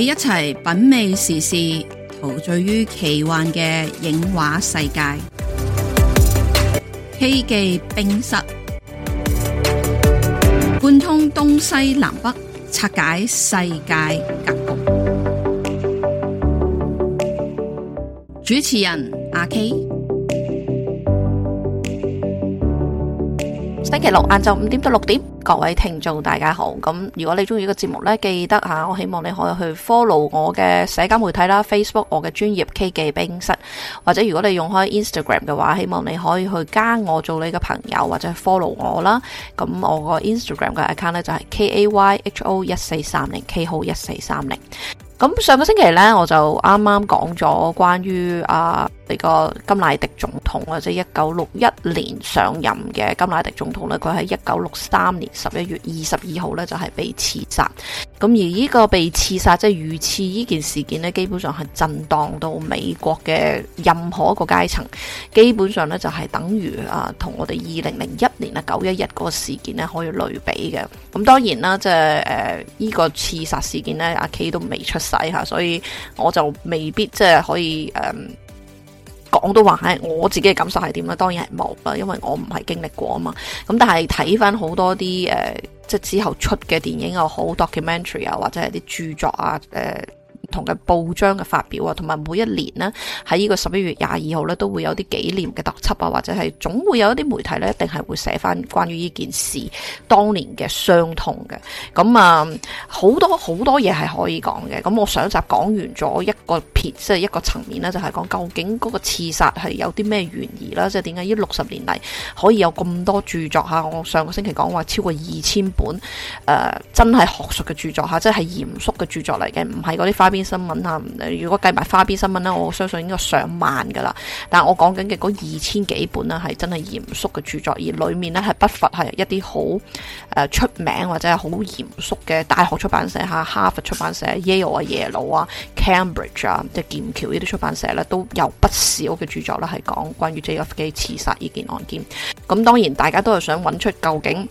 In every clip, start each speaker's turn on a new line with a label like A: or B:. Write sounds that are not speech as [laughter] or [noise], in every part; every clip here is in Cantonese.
A: 你一齊品味時事，陶醉於奇幻嘅影畫世界。K 記 [music] 冰室貫 [music] 通東西南北，拆解世界格局。 [music] 主持人阿 K，星期六晏晝五點到六點。各位聽眾，大家好。咁如果你中意呢個節目呢，記得吓，我希望你可以去 follow 我嘅社交媒體啦，Facebook 我嘅專業 K 記冰室，或者如果你用開 Instagram 嘅話，希望你可以去加我做你嘅朋友，或者 follow 我啦。咁我個 Instagram 嘅 account 呢，就係 k a y h o 一四三零 k o 一四三零。咁上個星期呢，我就啱啱講咗關於啊。呢個甘迺迪總統，或者一九六一年上任嘅甘迺迪總統咧，佢喺一九六三年十一月二十二號呢就係被刺殺。咁而呢個被刺殺即係遇刺呢件事件呢，基本上係震盪到美國嘅任何一個階層，基本上呢，就係等於啊，同我哋二零零一年啊九一一嗰個事件呢可以類比嘅。咁當然啦，即係誒呢個刺殺事件呢，阿 K 都未出世吓，所以我就未必即係可以誒。講都話，唉，我自己嘅感受係點咧？當然係冇啦，因為我唔係經歷過啊嘛。咁但係睇翻好多啲誒、呃，即係之後出嘅電影又好 documentary 啊， [music] 或者係啲著作啊，呃同嘅報章嘅發表啊，同埋每一年呢，喺呢個十一月廿二號呢，都會有啲紀念嘅特輯啊，或者係總會有一啲媒體呢，一定係會寫翻關於呢件事當年嘅傷痛嘅。咁啊，好多好多嘢係可以講嘅。咁我上集講完咗一個片，即係一個層面呢，就係講究竟嗰個刺殺係有啲咩嫌疑啦，即係點解呢六十年嚟可以有咁多著作嚇？我上個星期講話超過二千本，誒，真係學術嘅著作嚇，即係嚴肅嘅著作嚟嘅，唔係嗰啲花邊。新聞啊，如果計埋花邊新聞呢，我相信應該上萬噶啦。但係我講緊嘅嗰二千幾本呢，係真係嚴肅嘅著作，而裡面呢，係不乏係一啲好誒出名或者係好嚴肅嘅大學出版社，嚇哈佛出版社、Yale 啊、耶魯啊、Cambridge 啊，即係劍橋呢啲出版社呢，都有不少嘅著作啦，係講關於 JFK 刺殺呢件案件。咁當然大家都係想揾出究竟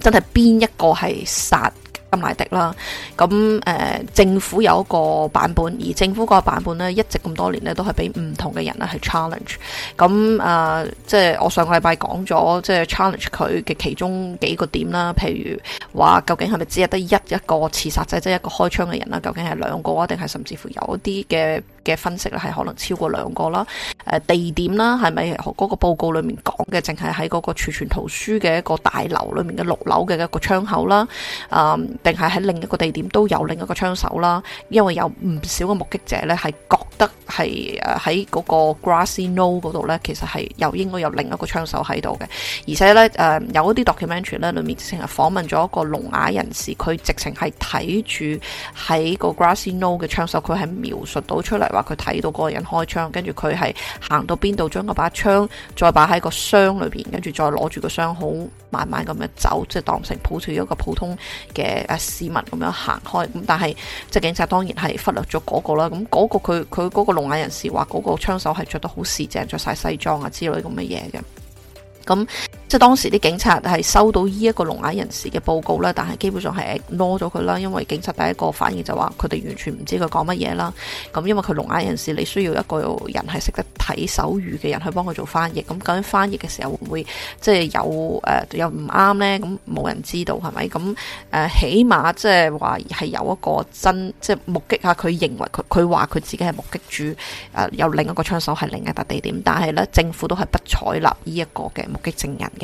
A: 真係邊一個係殺甘迺迪啦，咁、呃、政府有一個版本，而政府嗰個版本呢，一直咁多年呢，都係俾唔同嘅人去 challenge。咁、呃、即係我上個禮拜講咗，即係 challenge 佢嘅其中幾個點啦，譬如話究竟係咪只係得一一個刺殺者即係、就是、一個開槍嘅人啦？究竟係兩個啊，定係甚至乎有一啲嘅？嘅分析咧，係可能超過兩個啦。誒，地點啦，係咪嗰個報告裡面講嘅，淨係喺嗰個儲存圖書嘅一個大樓裏面嘅六樓嘅一個窗口啦。啊、嗯，定係喺另一個地點都有另一個槍手啦。因為有唔少嘅目擊者咧，係覺得係誒喺嗰個 Grassino 嗰度咧，其實係又應該有另一個槍手喺度嘅。而且咧，誒有啲 documentary 咧，裡面直情係訪問咗一個聾啞人士，佢直情係睇住喺個 Grassino 嘅槍手，佢係描述到出嚟。話佢睇到嗰個人開槍，跟住佢係行到邊度，將嗰把槍再擺喺個箱裏邊，跟住再攞住個箱，好慢慢咁樣走，即係當成抱住一個普通嘅誒市民咁樣行開。咁但係即係警察當然係忽略咗嗰個啦。咁嗰個佢佢嗰個聾啞人士話嗰個槍手係着得好四正，着晒西裝啊之類咁嘅嘢嘅。咁即係當時啲警察係收到呢一個聾啞人士嘅報告啦，但係基本上係 ignore 咗佢啦，因為警察第一個反應就話佢哋完全唔知佢講乜嘢啦。咁因為佢聾啞人士，你需要一個人係識得睇手語嘅人去幫佢做翻譯。咁究竟翻譯嘅時候會唔會即係有誒有唔啱呢？咁、呃、冇人知道係咪？咁誒起碼即係話係有一個真即係、就是、目擊下佢認為佢佢話佢自己係目擊住誒有另一個槍手係另一笪地點，但係呢，政府都係不採納呢一個嘅目擊證人的。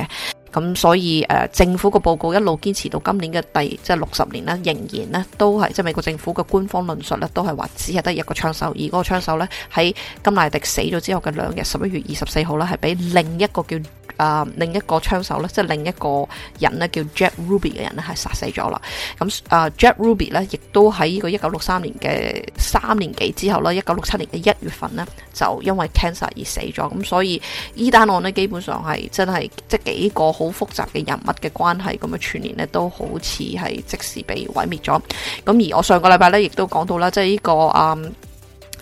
A: 咁所以誒、呃，政府個報告一路堅持到今年嘅第即係六十年啦，仍然呢都係即係美國政府嘅官方論述呢，都係話只係得一個槍手，而嗰個槍手呢，喺甘迺迪死咗之後嘅兩日，十一月二十四號呢，係俾另一個叫，啊、呃，另一個槍手咧，即係另一個人咧，叫 Jack Ruby 嘅人咧，係殺死咗啦。咁啊，Jack Ruby 呢，亦都喺呢個一九六三年嘅三年幾之後啦，一九六七年嘅一月份呢，就因為 cancer 而死咗。咁所以呢單案呢，基本上係真係即係幾個好複雜嘅人物嘅關係咁樣串連呢，都好似係即時被毀滅咗。咁而我上個禮拜呢，亦都講到啦，即係呢、這個啊。嗯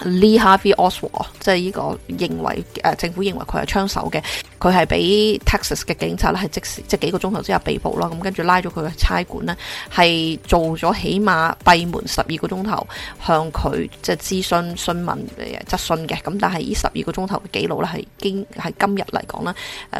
A: Lee Harvey Oswald，即係呢個認為誒、呃、政府認為佢係槍手嘅，佢係俾 Texas 嘅警察咧係即時即是幾個鐘頭之後被捕啦，咁跟住拉咗佢去差館呢係做咗起碼閉門十二個鐘頭，向佢即係諮詢詢問誒質詢嘅，咁但係呢十二個鐘頭嘅記錄咧係經係今日嚟講呢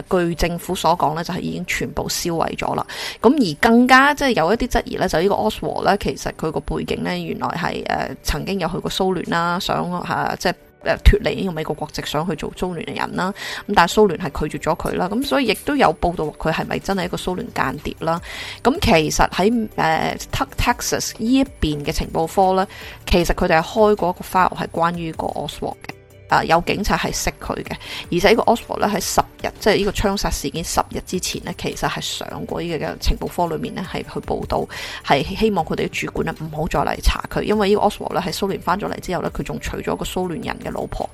A: 誒據政府所講呢就係、是、已經全部銷毀咗啦，咁而更加即係有一啲質疑呢就呢、是、個 Oswald 咧其實佢個背景呢，原來係誒、呃、曾經有去過蘇聯啦，想。吓，即係誒，脱離呢個美國國籍，想去做蘇聯嘅人啦。咁但係蘇聯係拒絕咗佢啦。咁所以亦都有報道佢係咪真係一個蘇聯間諜啦？咁其實喺誒 Tuck Texas 呢一邊嘅情報科呢，其實佢哋係開過一個 file 係關於個 Oswald 嘅。啊、呃，有警察係識佢嘅，而且個呢個 Oswald 咧喺十日，即係呢個槍殺事件十日之前呢，其實係上過呢個嘅情報科裏面呢，係去報道，係希望佢哋嘅主管呢唔好再嚟查佢，因為個呢個 Oswald 咧喺蘇聯翻咗嚟之後呢，佢仲娶咗個蘇聯人嘅老婆。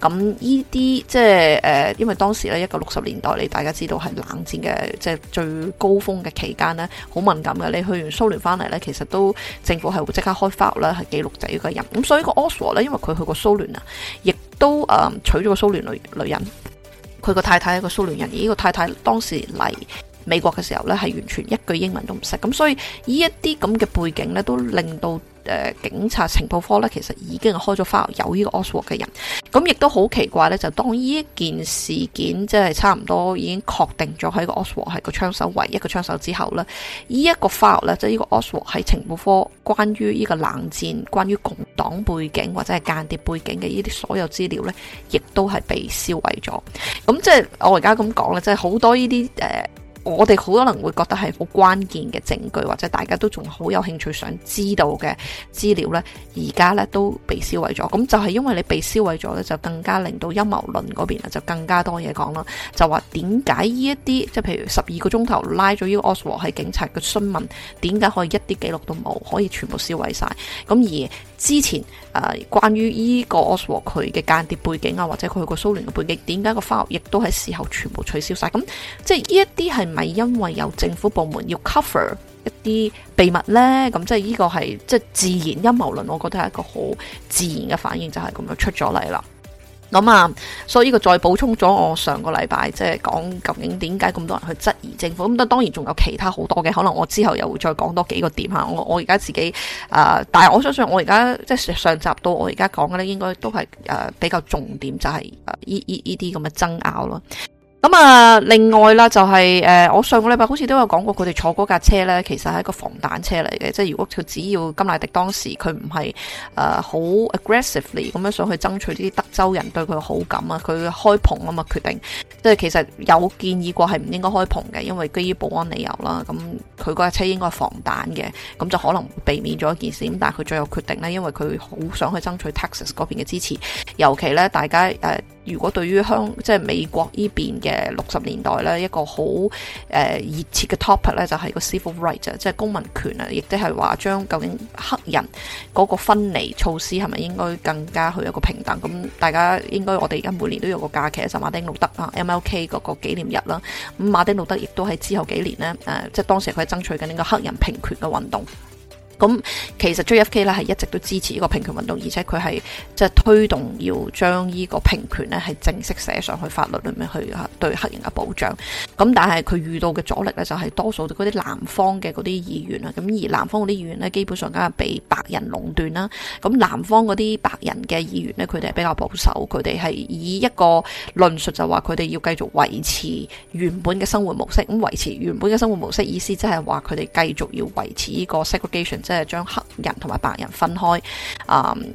A: 咁呢啲即係誒、呃，因為當時咧一個六十年代你大家知道係冷戰嘅，即係最高峰嘅期間呢，好敏感嘅。你去完蘇聯翻嚟呢，其實都政府係會即刻開檔啦，係記錄仔呢個人。咁所以個 Oswald 咧，因為佢去過蘇聯啊，亦都誒、嗯、娶咗個蘇聯女女人，佢個太太係個蘇聯人，而呢個太太當時嚟美國嘅時候呢，係完全一句英文都唔識，咁所以呢一啲咁嘅背景呢，都令到，誒警察情報科咧，其實已經開咗 file 有呢個 Oswald 嘅人，咁亦都好奇怪咧。就當呢一件事件即係差唔多已經確定咗，係個 Oswald 係個槍手唯一個槍手之後呢，呢、這、一個 file 咧，即係呢個 Oswald 喺情報科關於呢個冷戰、關於共黨背景或者係間諜背景嘅呢啲所有資料咧，亦都係被銷毀咗。咁即係我而家咁講咧，即係好多呢啲誒。呃我哋好可能會覺得係好關鍵嘅證據，或者大家都仲好有興趣想知道嘅資料呢，而家呢都被銷毀咗。咁就係因為你被銷毀咗呢，就更加令到陰謀論嗰邊啊，就更加多嘢講啦。就話點解呢一啲，即係譬如十二個鐘頭拉咗呢個 Oswald 喺警察嘅詢問，點解可以一啲記錄都冇，可以全部銷毀晒？咁而之前個、呃、關於依個奧斯華佢嘅間諜背景啊，或者佢去過蘇聯嘅背景，點解個花學亦都喺事後全部取消晒？咁即係呢一啲係咪因為有政府部門要 cover 一啲秘密呢？咁即係呢個係即係自然陰謀論，我覺得係一個好自然嘅反應，就係、是、咁樣出咗嚟啦。咁啊，所以呢個再補充咗我上個禮拜即係講究竟點解咁多人去質疑政府咁，但當然仲有其他好多嘅，可能我之後又會再講多幾個點吓，我我而家自己啊、呃，但係我相信我而家即係上集到我而家講嘅咧，應該都係誒、呃、比較重點就係呢呢呢啲咁嘅爭拗咯。咁啊，另外啦，就係、是、誒，我上個禮拜好似都有講過，佢哋坐嗰架車咧，其實係一個防彈車嚟嘅，即係如果佢只要甘迺迪當時佢唔係誒好 aggressively 咁樣想去爭取啲德州人對佢好感啊，佢開篷啊嘛，決定即係其實有建議過係唔應該開篷嘅，因為基於保安理由啦，咁佢嗰架車應該係防彈嘅，咁就可能避免咗一件事。咁但係佢最後決定咧，因為佢好想去爭取 Texas 嗰邊嘅支持，尤其咧大家誒、呃，如果對於香即係美國呢邊嘅。誒，六十年代咧，一個好誒熱切嘅 topic 咧，就係個 civil rights，即係公民權啊，亦即係話將究竟黑人嗰個分離措施係咪應該更加去一個平等？咁大家應該我哋而家每年都有個假期，就是、馬丁路德啊 （M. L. K.） 嗰個紀念日啦。咁馬丁路德亦都喺之後幾年呢，誒、呃，即係當時佢係爭取緊呢個黑人平權嘅運動。咁其實 JFK 咧係一直都支持呢個平權運動，而且佢係即係推動要將呢個平權咧係正式寫上去法律裏面去對黑人嘅保障。咁但係佢遇到嘅阻力咧就係多數嗰啲南方嘅嗰啲議員啊，咁而南方嗰啲議員咧基本上梗係俾白人壟斷啦。咁南方嗰啲白人嘅議員咧，佢哋係比較保守，佢哋係以一個論述就話佢哋要繼續維持原本嘅生活模式，咁維持原本嘅生活模式意思即係話佢哋繼續要維持呢個 segregation。即係將黑人同埋白人分開，啊、嗯，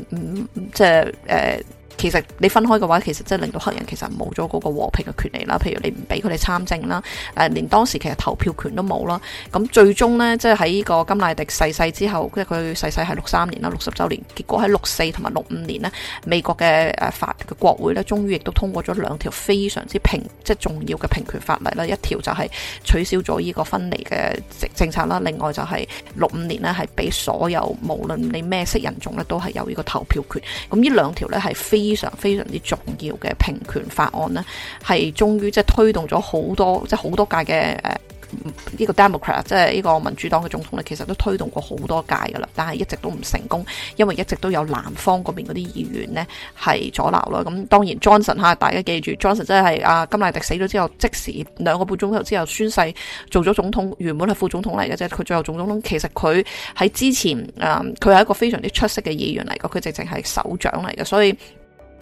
A: 唔、嗯，唔、嗯，即係。誒、呃。其實你分開嘅話，其實即係令到黑人其實冇咗嗰個和平嘅權利啦。譬如你唔俾佢哋參政啦，誒、呃，連當時其實投票權都冇啦。咁最終呢，即係喺呢個甘迺迪逝世之後，即係佢逝世係六三年啦，六十週年。結果喺六四同埋六五年呢，美國嘅誒法嘅國會呢，終於亦都通過咗兩條非常之平即係重要嘅平權法例啦。一條就係取消咗呢個分離嘅政策啦。另外就係六五年呢，係俾所有無論你咩色人種呢，都係有呢個投票權。咁呢兩條呢，係非非常非常之重要嘅平權法案呢，係終於即係推動咗好多即係好多屆嘅誒呢個 Democrat，即係呢個民主黨嘅總統咧，其實都推動過好多屆噶啦，但係一直都唔成功，因為一直都有南方嗰邊嗰啲議員呢係阻撓啦。咁當然 Johnson 嚇，大家記住 Johnson 真係阿甘迺迪死咗之後，即使兩個半鐘頭之後宣誓做咗總統，原本係副總統嚟嘅啫。佢最後總統，其實佢喺之前誒，佢、嗯、係一個非常之出色嘅議員嚟嘅，佢直情係首長嚟嘅，所以。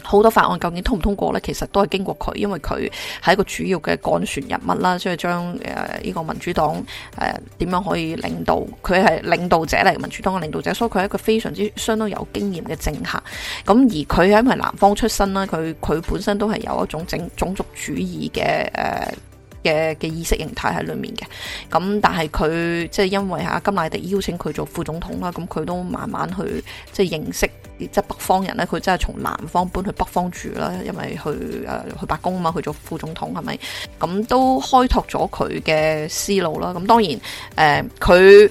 A: 好多法案究竟通唔通過呢？其實都係經過佢，因為佢係一個主要嘅斡旋人物啦，所以將誒呢個民主黨誒點樣可以領導，佢係領導者嚟，民主黨嘅領導者，所以佢係一個非常之相當有經驗嘅政客。咁而佢喺南方出身啦，佢佢本身都係有一種整種族主義嘅嘅嘅意識形態喺裏面嘅。咁但係佢即係因為今甘迺迪邀請佢做副總統啦，咁佢都慢慢去即係認識。即係北方人咧，佢真係從南方搬去北方住啦，因為去誒、呃、去白宮啊嘛，去做副總統係咪？咁都開拓咗佢嘅思路啦。咁當然誒，佢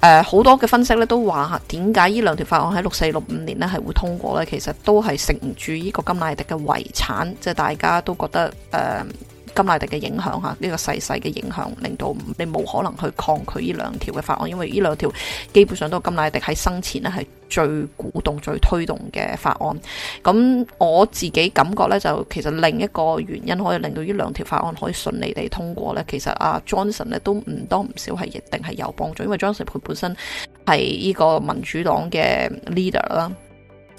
A: 誒好多嘅分析咧都話點解呢兩條法案喺六四六五年咧係會通過咧？其實都係承住呢個甘迺迪嘅遺產，即係大家都覺得誒。呃甘迺迪嘅影響吓，呢個細細嘅影響，令到你冇可能去抗拒呢兩條嘅法案，因為呢兩條基本上都係甘迺迪喺生前咧係最鼓動、最推動嘅法案。咁我自己感覺呢，就其實另一個原因可以令到呢兩條法案可以順利地通過呢，其實阿、啊、Johnson 呢都唔多唔少係一定係有幫助，因為 Johnson 佢本身係呢個民主黨嘅 leader 啦。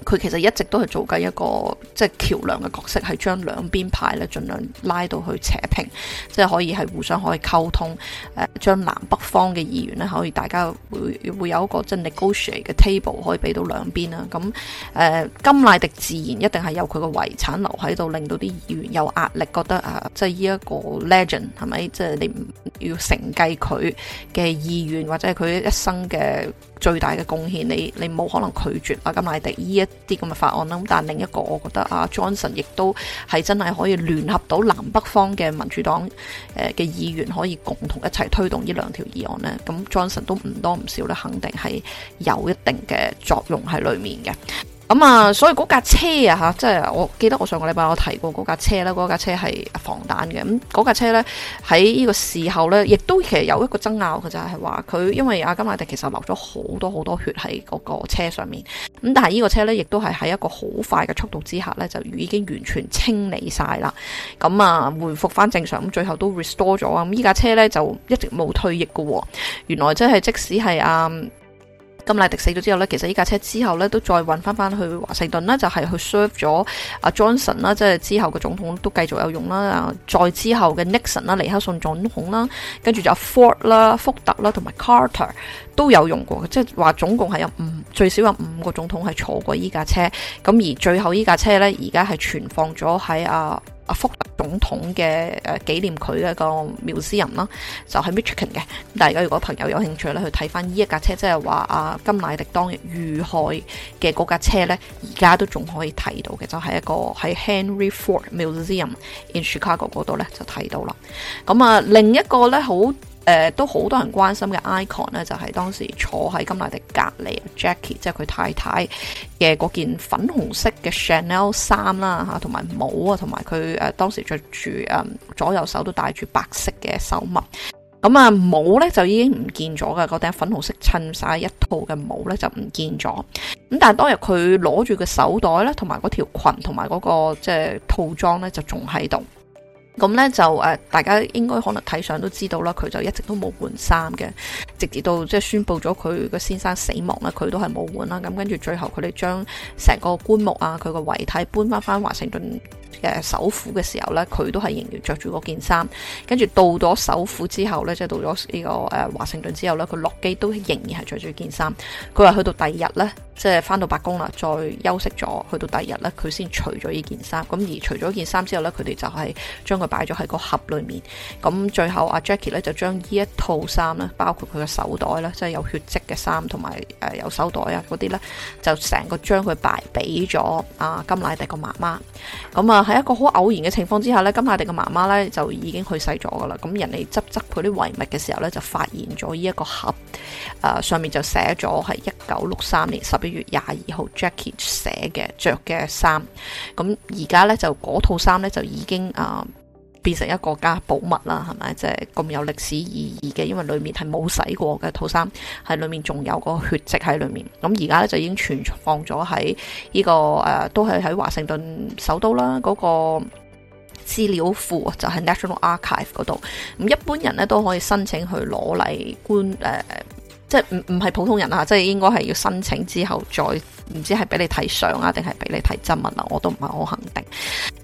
A: 佢其實一直都係做緊一個即係橋樑嘅角色，係將兩邊派咧盡量拉到去扯平，即係可以係互相可以溝通，誒、呃、將南北方嘅議員咧可以大家會會有一個即係 negotiate 嘅 table 可以俾到兩邊啦。咁誒甘迺迪自然一定係有佢嘅遺產留喺度，令到啲議員有壓力，覺得啊，即係呢一個 legend 係咪？即係你唔要承繼佢嘅意願或者係佢一生嘅最大嘅貢獻，你你冇可能拒絕啊！甘迺迪依一啲咁嘅法案啦，但另一個，我覺得啊，Johnson 亦都係真係可以聯合到南北方嘅民主黨誒嘅議員，可以共同一齊推動呢兩條議案呢，咁 Johnson 都唔多唔少咧，肯定係有一定嘅作用喺裏面嘅。咁、嗯、啊，所以嗰架車啊，吓，即係我記得我上個禮拜我提過嗰架車啦，嗰架車係防彈嘅。咁嗰架車呢，喺呢個時候呢，亦都其實有一個爭拗嘅，就係話佢因為阿甘迺迪其實流咗好多好多血喺嗰個車上面。咁但係呢個車呢，亦都係喺一個好快嘅速度之下呢，就已經完全清理晒啦。咁啊，回復翻正常，咁最後都 restore 咗啊。咁呢架車呢，就一直冇退役喎。原來即係即使係甘迺迪死咗之後呢，其實呢架車之後呢，都再搵翻翻去華盛頓啦，就係、是、去 serve 咗阿 Johnson 啦，即係之後嘅總統都繼續有用啦。再之後嘅 Nixon 啦，尼克遜總統啦，跟住就 Ford 啦、啊、福特啦，同埋 Carter 都有用過，即係話總共係有五，最少有五個總統係坐過依架車。咁而最後依架車呢，而家係存放咗喺啊、福特總統嘅誒紀念佢嘅一個 Museum，啦，就係 Michigan 嘅。咁大家如果朋友有興趣咧，去睇翻呢一架車，即係話阿甘迺迪當日遇害嘅嗰架車咧，而家都仲可以睇到嘅，就係、是、一個喺 Henry Ford Museum in Chicago 嗰度咧就睇到啦。咁啊，另一個咧好。很誒、呃、都好多人關心嘅 icon 咧，就係當時坐喺甘迺迪隔離 Jackie，即係佢太太嘅嗰件粉紅色嘅 Chanel 衫啦嚇，同埋帽啊，同埋佢誒當時着住誒左右手都戴住白色嘅手襪。咁啊帽咧就已經唔見咗噶，嗰頂粉紅色襯晒一套嘅帽咧就唔見咗。咁但係當日佢攞住個手袋咧，同埋嗰條裙同埋嗰個即係套裝咧，就仲喺度。咁咧就誒，大家應該可能睇相都知道啦，佢就一直都冇換衫嘅，直至到即係宣布咗佢個先生死亡啦，佢都係冇換啦。咁跟住最後佢哋將成個棺木啊，佢個遺體搬翻翻華盛頓嘅首府嘅時候咧，佢都係仍然着住嗰件衫。跟住到咗首府之後咧，即係到咗呢個誒華盛頓之後咧，佢落機都仍然係着住件衫。佢話去到第二日咧。即係翻到白宮啦，再休息咗，去到第二日咧，佢先除咗依件衫。咁而除咗件衫之後咧，佢哋就係將佢擺咗喺個盒裏面。咁最後阿 Jackie 咧就將呢一套衫咧，包括佢嘅手袋咧，即係有血跡嘅衫同埋誒有手袋啊嗰啲咧，就成個將佢擺俾咗阿甘迺迪個媽媽。咁啊喺一個好偶然嘅情況之下咧，甘迺迪個媽媽咧就已經去世咗噶啦。咁人哋執執佢啲遺物嘅時候咧，就發現咗呢一個盒，誒上面就寫咗係一九六三年十月。月廿二號 Jackie 寫嘅着嘅衫，咁而家呢，就嗰套衫呢，就已經啊、呃、變成一個家寶物啦，係咪？即係咁有歷史意義嘅，因為裏面係冇洗過嘅套衫，係裏面仲有個血跡喺裏面。咁而家呢，就已經存放咗喺呢個誒、呃，都係喺華盛頓首都啦，嗰個資料庫就係、是、National Archive 嗰度。咁一般人呢，都可以申請去攞嚟觀誒。呃即係唔唔係普通人啊！即係應該係要申請之後再唔知係俾你睇相啊，定係俾你睇真物啊？我都唔係好肯定。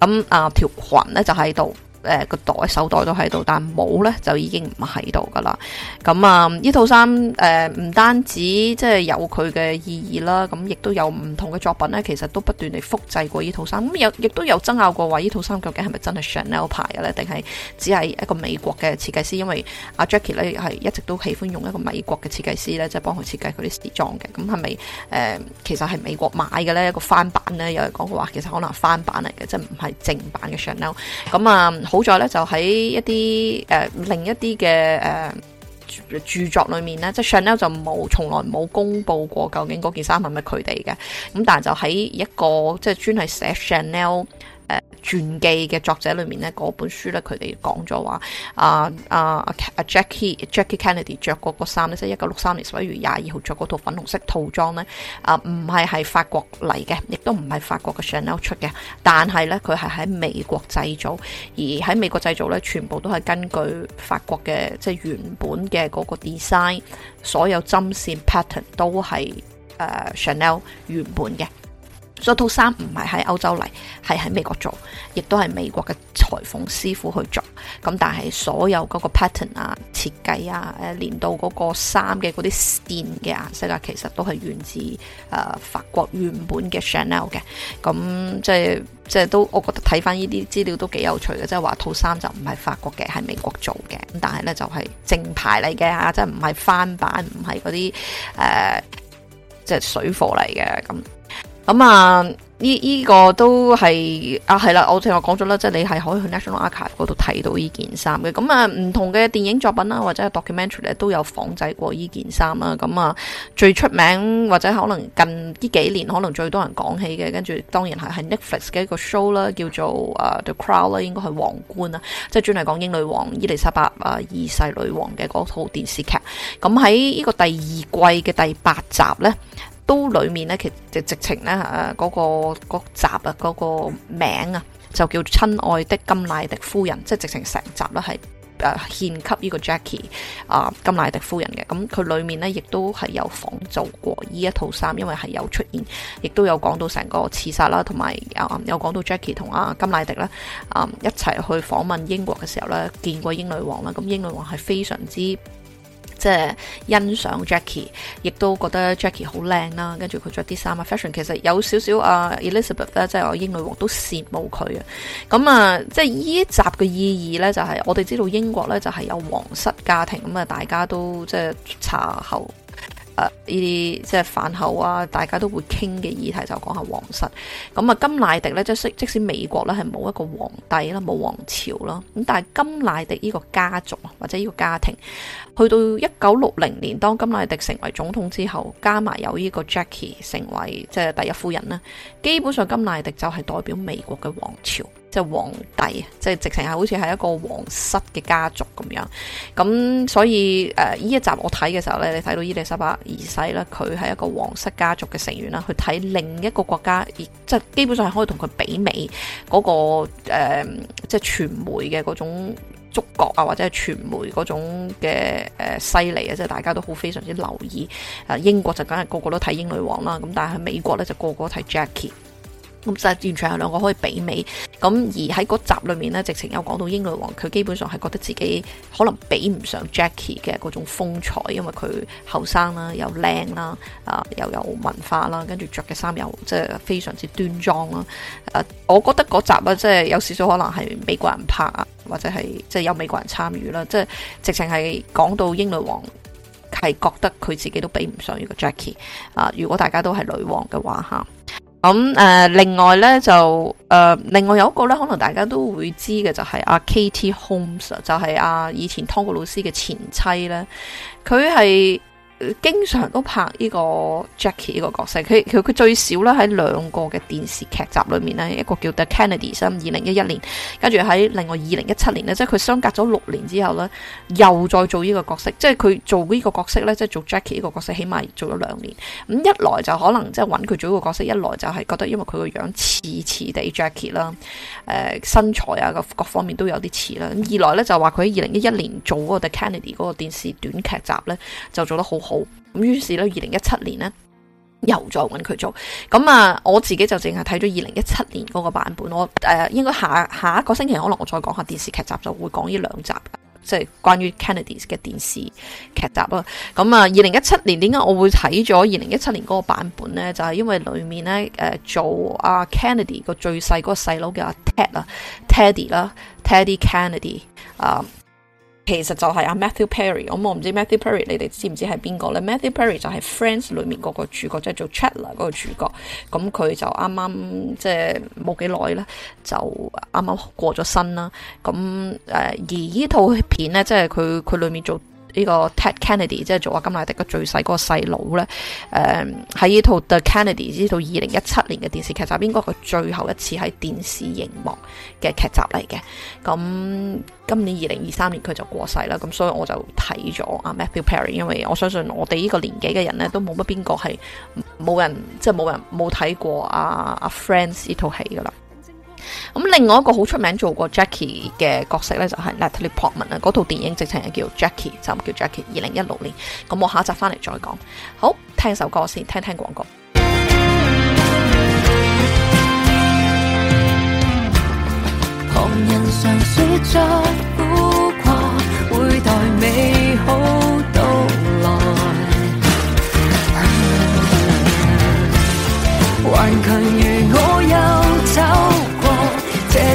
A: 咁啊，條裙咧就喺度。誒個袋手袋都喺度，但冇咧就已經唔喺度噶啦。咁啊，呢套衫誒唔單止即係有佢嘅意義啦，咁亦都有唔同嘅作品咧，其實都不斷地複製過呢套衫。咁有亦都有爭拗過話，呢套衫究竟係咪真係 Chanel 牌嘅咧？定係只係一個美國嘅設計師？因為阿 Jackie 咧係一直都喜歡用一個美國嘅設計師咧，即係幫佢設計佢啲時裝嘅。咁係咪誒其實係美國買嘅咧？一個翻版咧？有人講過話其實可能翻版嚟嘅，即係唔係正版嘅 Chanel？咁啊～好在咧，就喺一啲誒另一啲嘅誒著作裏面咧，即係、 [music] 就是、Chanel 就冇從來冇公布過究竟嗰件衫係咪佢哋嘅，咁但係就喺一個即係專係寫 Chanel。誒傳記嘅作者裏面呢，嗰本書呢，佢哋講咗話啊啊 Jackie Jackie Kennedy 着嗰個衫呢，即係一九六三年十一月廿二號着嗰套粉紅色套裝、啊、唔係係唔係係呢，啊唔係係法國嚟嘅，亦都唔係法國嘅 Chanel 出嘅，但係呢，佢係喺美國製造，而喺美國製造呢，全部都係根據法國嘅即係原本嘅嗰個 design，所有針線 pattern 都係誒、啊、Chanel 原本嘅。所以套衫唔係喺歐洲嚟，係喺美國做，亦都係美國嘅裁縫師傅去做。咁但係所有嗰個 pattern 啊、設計啊、誒連到嗰個衫嘅嗰啲線嘅顏色啊，其實都係源自誒、呃、法國原本嘅 Chanel 嘅。咁即係即係都，我覺得睇翻呢啲資料都幾有趣嘅。即係話套衫就唔係法國嘅，係美國做嘅。咁但係咧就係、是、正牌嚟嘅啊，即係唔係翻版，唔係嗰啲誒即係水貨嚟嘅咁。咁、這個、啊，呢呢個都係啊，係啦，我聽我講咗啦，即係你係可以去 National Archive 嗰度睇到呢件衫嘅。咁啊，唔同嘅電影作品啦，或者 documentary 咧，都有仿製過呢件衫啦。咁啊，最出名或者可能近呢幾年可能最多人講起嘅，跟住當然係喺 Netflix 嘅一個 show 啦，叫做《The Crown》啦，應該係皇冠啦，即係專係講英女王伊麗莎白啊二世女王嘅嗰套電視劇。咁喺呢個第二季嘅第八集呢。都裏面咧，其實直直情咧，嗰、呃那個那個集啊，嗰、那個名啊，就叫《親愛的甘迺迪夫人》，即係直情成集咧係誒獻給呢個 Jackie 啊甘迺迪夫人嘅。咁佢裏面咧，亦都係有仿造過呢一套衫，因為係有出現，亦都有講到成個刺殺啦，同埋啊有講、呃、到 Jackie 同阿甘迺迪啦，啊、呃、一齊去訪問英國嘅時候咧，見過英女王啦。咁英女王係非常之。即係欣賞 Jackie，亦都覺得 Jackie 好靚啦。跟住佢着啲衫啊，fashion 其實有少少啊 Elizabeth 咧，即係我英女王都羨慕佢啊。咁啊，即係依集嘅意義咧，就係我哋知道英國咧就係有皇室家庭，咁啊大家都即係查後。誒呢啲即係飯後啊，大家都會傾嘅議題就講下皇室。咁啊，甘迺迪呢，即即使美國呢，係冇一個皇帝啦，冇皇朝啦，咁但係甘迺迪呢個家族或者呢個家庭，去到一九六零年，當甘迺迪成為總統之後，加埋有呢個 Jackie 成為即係第一夫人咧，基本上甘迺迪就係代表美國嘅皇朝。即係皇帝，即係直情係好似係一個皇室嘅家族咁樣，咁所以誒呢、呃、一集我睇嘅時候咧，你睇到伊麗莎白二世啦，佢係一個皇室家族嘅成員啦，去睇另一個國家，而即係基本上係可以同佢媲美嗰、那個誒、呃，即係傳媒嘅嗰種觸覺啊，或者係傳媒嗰種嘅誒犀利啊，即係大家都好非常之留意。誒、呃，英國就梗係個個都睇英女王啦，咁但係喺美國咧就個個睇 Jackie。咁實在完全係兩個可以媲美。咁而喺嗰集裏面呢，直情有講到英女王，佢基本上係覺得自己可能比唔上 Jackie 嘅嗰種風采，因為佢後生啦，又靚啦，啊又有文化啦，跟住着嘅衫又即係非常之端莊啦。我覺得嗰集啊，即係有少少可能係美國人拍啊，或者係即係有美國人參與啦。即係直情係講到英女王，係覺得佢自己都比唔上呢個 Jackie。啊，如果大家都係女王嘅話嚇。咁誒、呃，另外咧就誒、呃，另外有一個咧，可能大家都會知嘅就係、是、阿 Katie Holmes，就係阿、啊、以前湯告魯斯嘅前妻呢。佢係，經常都拍呢個 Jackie 呢個角色，佢佢最少咧喺兩個嘅電視劇集裏面，一個叫 The Kennedy，咁二零一一年，跟住喺另外二零一七年呢，即係佢相隔咗六年之後呢，又再做呢個角色，即係佢做呢個角色呢，即係做 Jackie 呢個角色，角色起碼做咗兩年。咁一來就可能即係揾佢做呢個角色，一來就係覺得因為佢個樣似似地 Jackie 啦、呃，誒身材啊各方面都有啲似啦。咁二來呢，就話佢喺二零一一年做嗰個 The Kennedy 嗰個電視短劇集呢，就做得好。好咁，於是咧，二零一七年呢，又再揾佢做。咁啊，我自己就淨係睇咗二零一七年嗰個版本。我誒、呃、應該下下一個星期，可能我再講下電視劇集，就會講呢兩集，即係關於 Kennedy 嘅電視劇集啦。咁啊，二零一七年點解我會睇咗二零一七年嗰個版本呢？就係因為裡面呢，誒、呃、做阿、啊、Kennedy 個最細嗰個細佬嘅阿 Ted 啊，Teddy 啦，Teddy Kennedy 啊、呃。其實就係阿 Matthew Perry。咁、嗯、我唔知 Matthew Perry 你哋知唔知係邊個咧？Matthew Perry 就係 Friends 裏面嗰個主角，即係做 Chandler 嗰個主角，咁、嗯、佢就啱啱即係冇幾耐啦，就啱啱過咗身啦。咁、嗯、誒，而呢套片咧，即係佢佢裏面做。呢、這個 Ted Kennedy，即係做阿甘迺迪的最小的個最細嗰個細佬咧。誒，喺呢套 The Kennedys 呢套二零一七年嘅電視劇集，應該係佢最後一次喺電視熒幕嘅劇集嚟嘅。咁今年二零二三年佢就過世啦。咁所以我就睇咗阿 Matthew Perry，因為我相信我哋呢個年紀嘅人咧都冇乜邊個係冇人即係冇人冇睇過阿、啊、阿、啊、Friends 呢套戲㗎喇。咁另外一個好出名做過 Jackie 嘅角色咧，就係 Natalie Portman 啦。嗰套電影直情係叫 Jackie，就唔叫 Jackie。二零一六年，咁我下一集翻嚟再講。好，聽首歌先，聽聽廣告。
B: 旁人常說着古話，會待美好到來，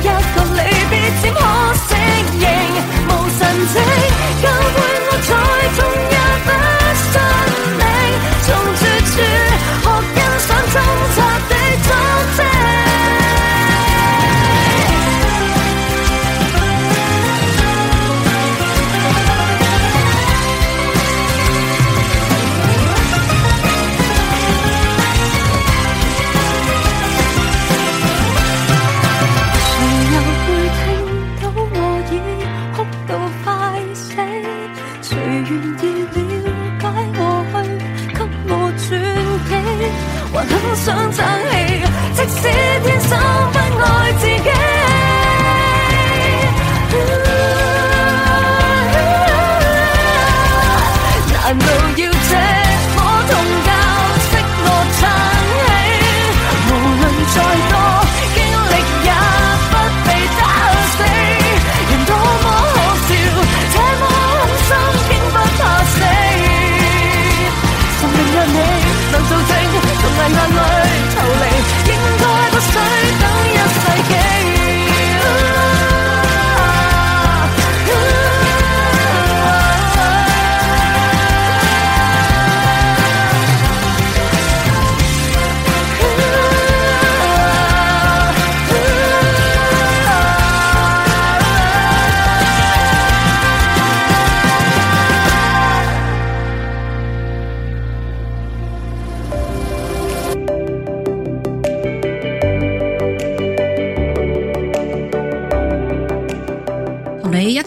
B: 一個離別怎可適應？無神蹟教會我再痛也不。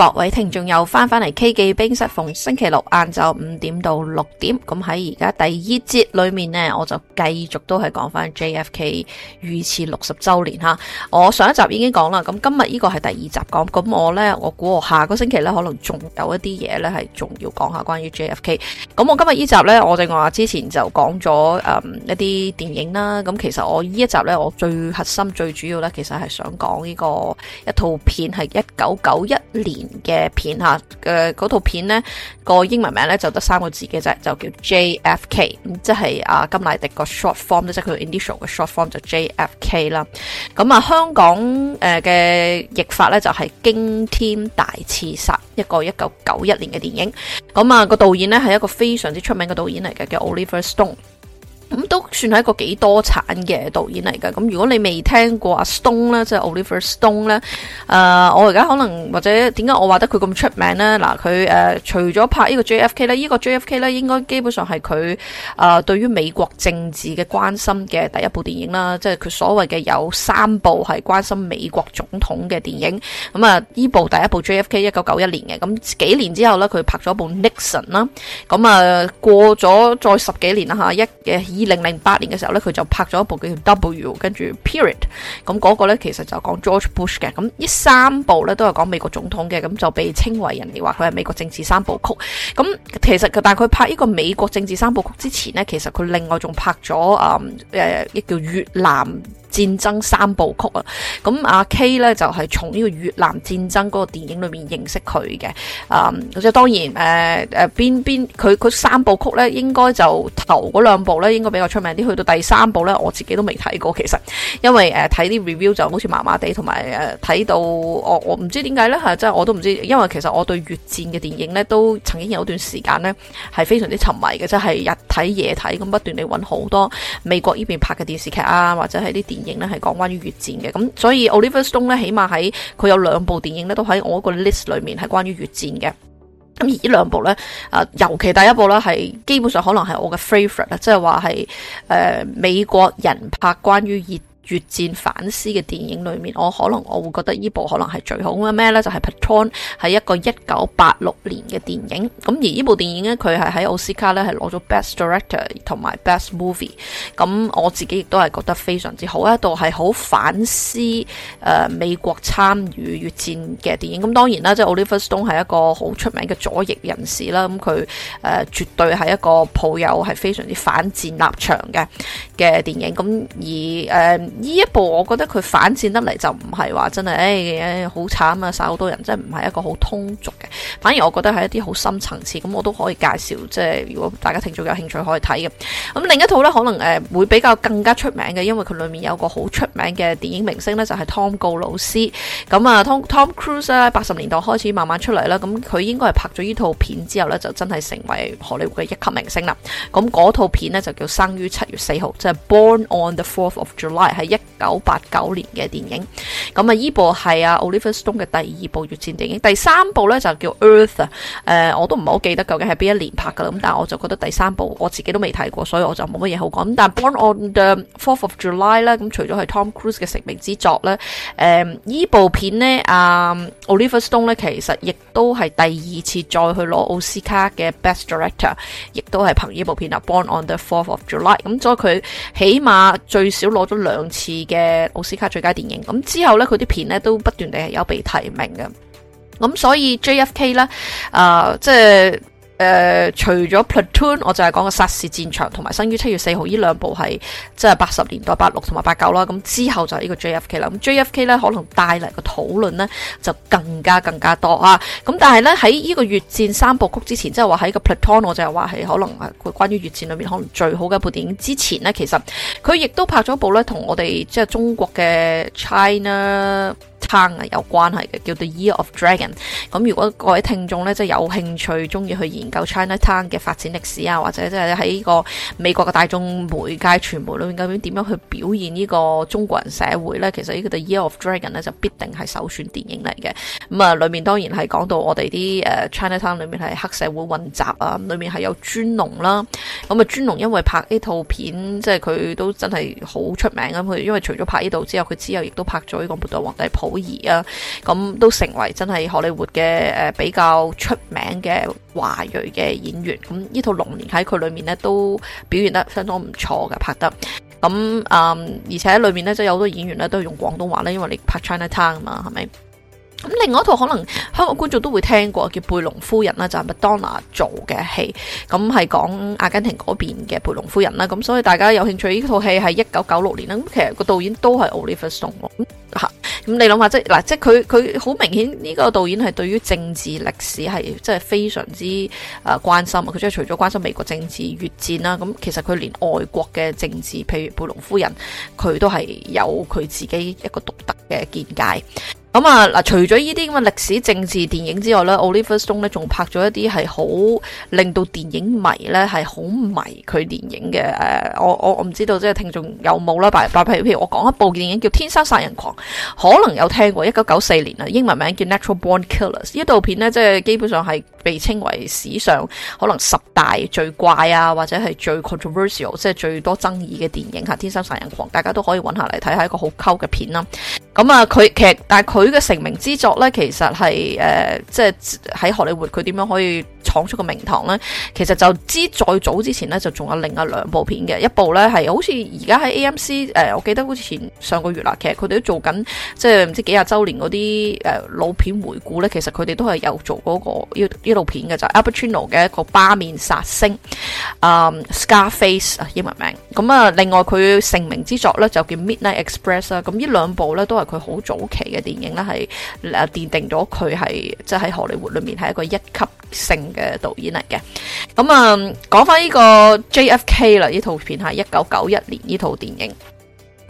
A: 各位聽眾又翻翻嚟 K 記冰室，逢星期六晏晝五點到六點，咁喺而家第二節裏面呢，我就繼續都係講翻 JFK 遇刺六十周年哈。我上一集已經講啦，咁今日呢個係第二集講，咁我呢，我估我下個星期呢，可能仲有一啲嘢呢係仲要講下關於 JFK。咁我今日呢集呢，我就話之前就講咗誒一啲電影啦，咁其實我呢一集呢，我最核心最主要呢，其實係想講呢個一套片係一九九一年。嘅片吓，誒嗰套片呢個英文名呢就得三個字嘅啫，就叫 JFK，即係啊甘迺迪個 short form，即係佢 initial 嘅 short form 就 JFK 啦。咁啊，香港誒嘅、呃、譯法呢就係驚天大刺殺，一個一九九一年嘅電影。咁啊，個導演呢係一個非常之出名嘅導演嚟嘅，叫 Oliver Stone。咁都算係一個幾多產嘅導演嚟噶。咁如果你未聽過阿 Stone 咧，即係 Oliver Stone 咧，誒，我而家可能或者點解我話得佢咁出名咧？嗱、呃，佢誒、呃，除咗拍呢個 J F K 咧，呢個 J F K 咧，應該基本上係佢誒，對於美國政治嘅關心嘅第一部電影啦，即係佢所謂嘅有三部係關心美國總統嘅電影。咁、嗯、啊，呢部第一部 J F K 一九九一年嘅，咁、嗯、幾年之後咧，佢拍咗部 Nixon 啦。咁啊，過咗再十幾年啦吓，一嘅二零零八年嘅時候呢，佢就拍咗一部叫《W》，跟住《Period》。咁嗰個呢，其實就講 George Bush 嘅。咁呢三部呢，都係講美國總統嘅，咁就被稱為人哋話佢係美國政治三部曲。咁其實佢但係佢拍呢個美國政治三部曲之前呢，其實佢另外仲拍咗啊、嗯、亦叫越南戰爭三部曲啊，咁阿 K 咧，就係從呢個越南戰爭嗰個電影裡面認識佢嘅。啊、嗯，即當然誒誒邊邊佢佢三部曲咧，應該就頭嗰兩部咧，應該比較出名啲，去到第三部咧我自己都未睇過，其實因為誒睇啲 review 就好似麻麻地，同埋誒睇到我我唔知點解咧吓即係我都唔知，因為其實我對越戰嘅電影咧都曾經有一段時間咧係非常之沉迷嘅，即係日睇夜睇咁不斷地揾好多美國呢邊拍嘅電視劇啊，或者係啲電影。影咧係講關於越戰嘅，咁所以 Oliver Stone 咧起碼喺佢有兩部電影咧都喺我個 list 裏面係關於越戰嘅，咁而這呢兩部咧，啊、呃、尤其第一部咧係基本上可能係我嘅 favorite 啦，即係話係誒美國人拍關於越越戰反思嘅電影裏面，我可能我會覺得呢部可能係最好嘅咩呢？就係、是、Platoon，係一個一九八六年嘅電影。咁而呢部電影呢，佢係喺奧斯卡呢，係攞咗 Best Director 同埋 Best Movie。咁我自己亦都係覺得非常之好，一度係好反思誒、呃、美國參與越戰嘅電影。咁當然啦，即係 Oliver Stone 係一個好出名嘅左翼人士啦。咁佢誒絕對係一個抱有係非常之反戰立場嘅。嘅電影。咁，而誒呢、呃、一部我覺得佢反戰得嚟就唔係話真係誒好慘啊，殺好多人，真係唔係一個好通俗嘅，反而我覺得係一啲好深層次咁，我都可以介紹，即係如果大家聽眾有興趣可以睇嘅。咁、嗯、另一套呢，可能誒、呃、會比較更加出名嘅，因為佢裏面有個好出名嘅電影明星呢，就係、是、湯告魯斯咁啊、嗯、Tom, Tom Cruise 八十年代開始慢慢出嚟啦，咁、嗯、佢應該係拍咗呢套片之後呢，就真係成為荷里活嘅一級明星啦。咁嗰套片呢，就叫生7《生於七月四號》即。《Born on the 4th of July》係一九八九年嘅電影，咁啊，依部係啊 Oliver Stone 嘅第二部越戰電影，第三部咧，就叫《Earth》誒、呃，我都唔係好記得究竟係邊一年拍噶啦，咁但係我就覺得第三部我自己都未睇過，所以我就冇乜嘢好講。咁但係、呃呃《Born on the 4th of July》啦，咁除咗係 Tom Cruise 嘅成名之作咧，誒，依部片咧啊 Oliver Stone 咧，其實亦都係第二次再去攞奧斯卡嘅 Best Director，亦都係憑呢部片啊《Born on the 4th of July》咁，所以佢。起碼最少攞咗兩次嘅奧斯卡最佳電影，咁之後咧佢啲片咧都不斷地有被提名嘅，咁所以 JFK 啦，誒、呃、即係。誒、呃，除咗 Platoon，我就係講個殺士戰場同埋生於七月四號呢兩部係即係八十年代八六同埋八九啦。咁之後就係呢個 JFK 啦。咁 JFK 呢，可能帶嚟個討論呢，就更加更加多啊。咁但係呢，喺呢個越戰三部曲之前，即係話喺個 Platoon，我就係話係可能啊，關於越戰裏面可能最好嘅一部電影之前呢，其實佢亦都拍咗一部呢，同我哋即係中國嘅 China。啊，有關係嘅，叫做 Year of Dragon。咁如果各位聽眾呢，即係有興趣、中意去研究 China Town 嘅發展歷史啊，或者即係喺呢個美國嘅大眾媒介傳媒裏面究竟點樣去表現呢個中國人社會呢？其實呢個 The Year of Dragon 呢，就必定係首選電影嚟嘅。咁啊，裏面當然係講到我哋啲誒 China Town 裏面係黑社會混雜啊，裏面係有尊龍啦。咁啊，尊龍因為拍呢套片，即係佢都真係好出名，咁佢因為除咗拍呢度之後，佢之後亦都拍咗呢個《末代皇帝》。啊，咁都成為真係荷里活嘅誒比較出名嘅華裔嘅演員。咁呢套《龍年》喺佢裏面咧都表現得相當唔錯㗎，拍得咁啊、嗯，而且裏面咧即係有好多演員咧都係用廣東話咧，因為你拍 China Town 嘛，係咪？咁另外一套可能香港觀眾都會聽過，叫《貝隆夫人》啦，就是，就係 Madonna 做嘅戲，咁係講阿根廷嗰邊嘅貝隆夫人啦，咁所以大家有興趣呢套戲係一九九六年啦，咁其實導、嗯嗯嗯嗯想想這個導演都係 Oliver Stone 咯，咁吓，咁你諗下即嗱，即係佢佢好明顯呢個導演係對於政治歷史係即係非常之誒關心啊，佢即係除咗關心美國政治越戰啦，咁其實佢連外國嘅政治，譬如貝隆夫人，佢都係有佢自己一個獨特嘅見解。咁啊嗱，除咗呢啲咁嘅歷史政治電影之外咧，Oliver Stone 咧仲拍咗一啲係好令到電影迷咧係好迷佢電影嘅誒我我我唔知道即係聽眾有冇啦，但係但係譬如我講一部電影叫《天生殺人狂》，可能有聽過，一九九四年啊，英文名叫《Natural Born Killers》呢部片咧，即係基本上係被稱為史上可能十大最怪啊，或者係最 controversial，即係最多爭議嘅電影吓，《天生殺人狂》，大家都可以揾下嚟睇，下一個好溝嘅片啦。咁、嗯、啊，佢其實但係佢。佢嘅成名之作咧，其實，係、呃、誒即係喺荷里活，佢點樣可以，闖出個名堂咧，其實就知再早之前咧，就仲有另外兩部片嘅一部咧，係好似而家喺 AMC、呃、我記得好似前上個月啦，其實佢哋都做緊即係唔知幾廿週年嗰啲、呃、老片回顧咧。其實佢哋都係有做嗰、嗰個呢部片嘅就係，Al Pacino 嘅一個疤面煞星、嗯，Scarface 英文名咁啊。另外佢成名之作咧就叫 Midnight Express 啊。咁呢兩部咧都係佢好早期嘅電影啦，係奠定咗佢係即係喺荷里活裏面係一個一級。性嘅導演嚟嘅，咁啊講翻呢個 JFK 啦，呢套片係一九九一年呢套電影。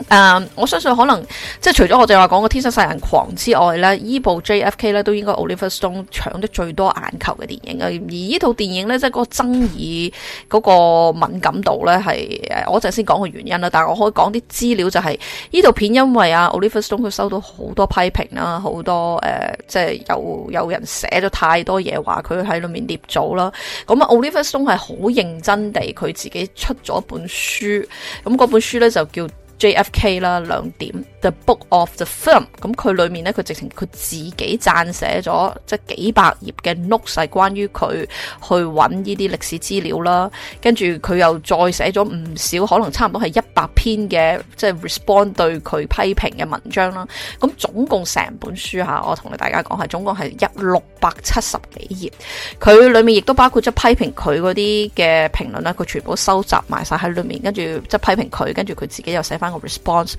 A: 誒、um，我相信可能即係除咗我淨係講個《天生殺人狂》之外咧，依部 JFK 咧都應該 Oliver Stone 搶得最多眼球嘅電影啦。而依套電影咧，即係個爭議嗰、那個敏感度咧，係我一陣先講個原因啦。但係我可以講啲資料就係、是，依套片因為啊 Oliver Stone 佢收到好多批評啦，好多誒、呃，即係有有人寫咗太多嘢話佢喺裏面捏造啦。咁阿 Oliver Stone 係好認真地，佢自己出咗一本書，咁嗰本書咧就叫 JFK 啦，兩點。The Book of the Film，咁佢裏面呢，佢直情佢自己撰寫咗即係幾百頁嘅 notes，係關於佢去搵呢啲歷史資料啦。跟住佢又再寫咗唔少，可能差唔多係一百篇嘅即係、就是、respond 對佢批評嘅文章啦。咁總共成本書吓，我同你大家講係總共係一六百七十幾頁。佢裏面亦都包括咗批評佢嗰啲嘅評論啦，佢全部都收集埋晒喺裏面，跟住即係批評佢，跟住佢自己又寫翻個 response。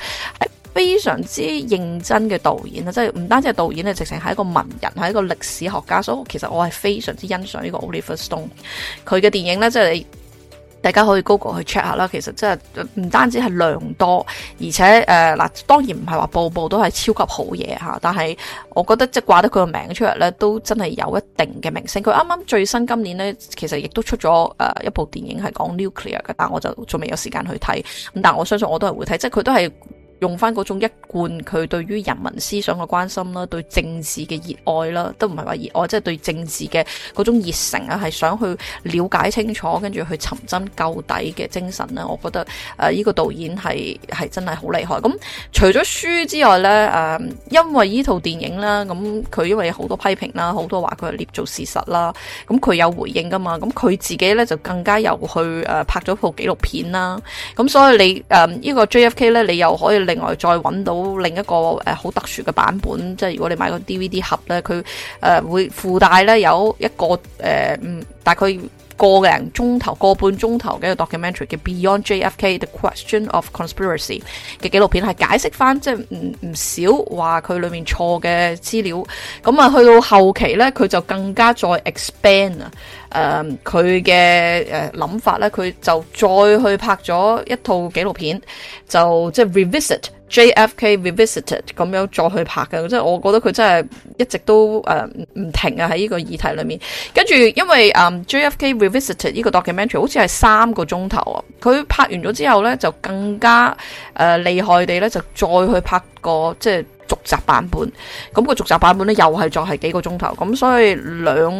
A: 非常之認真嘅導演啊，即係唔單止係導演咧，直情係一個文人，係一個歷史學家。所以其實我係非常之欣賞呢個 Oliver Stone。佢嘅電影呢，即係大家可以 Google 去 check 下啦。其實即係唔單止係量多，而且誒嗱、呃，當然唔係話部部都係超級好嘢吓。但係我覺得即係掛得佢個名出嚟呢，都真係有一定嘅明星。佢啱啱最新今年呢，其實亦都出咗誒一部電影係講 nuclear 嘅，但我就仲未有時間去睇。咁但係我相信我都係會睇，即係佢都係。用翻嗰種一貫佢對於人民思想嘅關心啦，對政治嘅熱愛啦，都唔係話熱愛，即係對政治嘅嗰種熱誠啊，係想去了解清楚，跟住去尋真究底嘅精神啦。我覺得誒呢個導演係係真係好厲害。咁除咗書之外呢，誒因為呢套電影啦，咁佢因為好多批評啦，好多話佢係捏造事實啦，咁佢有回應噶嘛，咁佢自己呢，就更加又去誒拍咗套紀錄片啦。咁所以你誒呢個 JFK 呢，你又可以。另外再揾到另一個誒好特殊嘅版本，即係如果你買個 DVD 盒呢，佢誒、呃、會附帶咧有一個誒嗯、呃，但係個零鐘頭，個半鐘頭嘅 documentary 嘅 Beyond JFK The Question of Conspiracy 嘅紀錄片，係解釋翻即係唔唔少話佢裏面錯嘅資料。咁、嗯、啊，去到後期呢，佢就更加再 expand 啊、呃，誒佢嘅諗法呢，佢就再去拍咗一套紀錄片，就即係、就是、revisit。JFK revisited 咁樣再去拍嘅，即係我覺得佢真係一直都誒唔停啊喺呢個議題裏面。跟住因為啊、um, JFK revisited 呢個 documentary 好似係三個鐘頭啊，佢拍完咗之後咧就更加誒厲、呃、害地咧就再去拍個即。就是續集版本，咁個續集版本呢又係再係幾個鐘頭，咁所以兩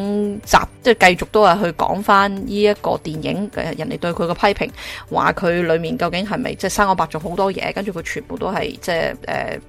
A: 集即係繼續都係去講翻呢一個電影人哋對佢嘅批評，話佢裏面究竟係咪即係生安白造好多嘢，跟住佢全部都係即係誒。呃